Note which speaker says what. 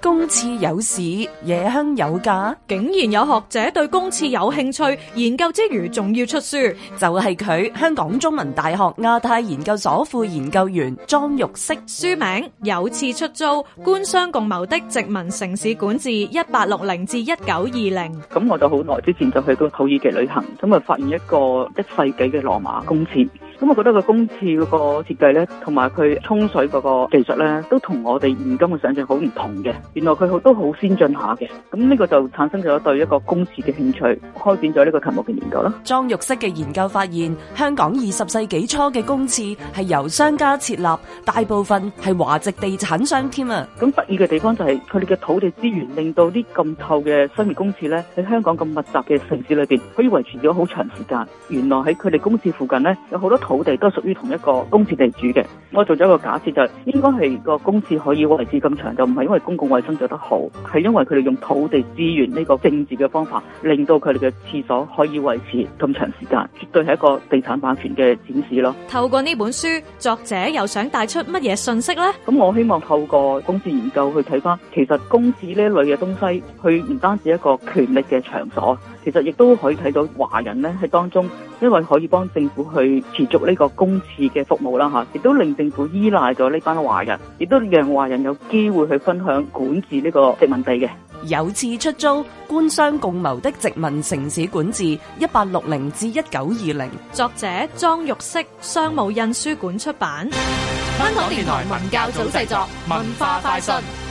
Speaker 1: 公廁有市，野香有價，竟然有學者對公廁有興趣，研究之餘仲要出書，就係佢，香港中文大學亞太研究所副研究員莊玉適，書名《有
Speaker 2: 廁出租：官商共謀的殖民城市管治（一八六零至一九二
Speaker 3: 零）》。咁我就好耐之前就去過土耳其旅行，咁啊發現一個一世紀嘅羅馬公廁。咁我覺得個公廁嗰個設計咧，同埋佢沖水嗰個技術咧，都同我哋現今嘅想象好唔同嘅。原來佢好都好先進下嘅。咁、這、呢個就產生咗對一個公廁嘅興趣，開展咗呢個題目嘅研究啦。
Speaker 1: 莊玉惜嘅研究發現，香港二十世紀初嘅公廁係由商家設立，大部分係華籍地產
Speaker 3: 商添啊。咁得意嘅地方就係佢哋嘅土地資源，令到啲咁臭嘅商業公廁咧，喺香港咁密集嘅城市裏邊，可以維持咗好長時間。原來喺佢哋公廁附近咧，有好多土。土地都屬於同一個公廁地主嘅，我做咗一個假設就係、是，應該係個公廁可以維持咁長，就唔係因為公共衛生做得好，係因為佢哋用土地資源呢個政治嘅方法，令到佢哋嘅廁所可以維持咁長時間，絕對係一個地產霸權嘅展示咯。
Speaker 2: 透過呢本書，作者又想帶出乜嘢信息呢？
Speaker 3: 咁我希望透過公廁研究去睇翻，其實公廁呢一類嘅東西，佢唔單止一個權力嘅場所。其實亦都可以睇到華人咧喺當中，因為可以幫政府去持續呢個公廁嘅服務啦，吓亦都令政府依賴咗呢班華人，亦都讓華人有機會去分享管治呢個殖民地嘅有廁出租官商
Speaker 1: 共謀的殖民城市管治（一八六零至一九二零），
Speaker 2: 作者莊玉惜，商務印書館出版，香港電台文教組製作，文化快訊。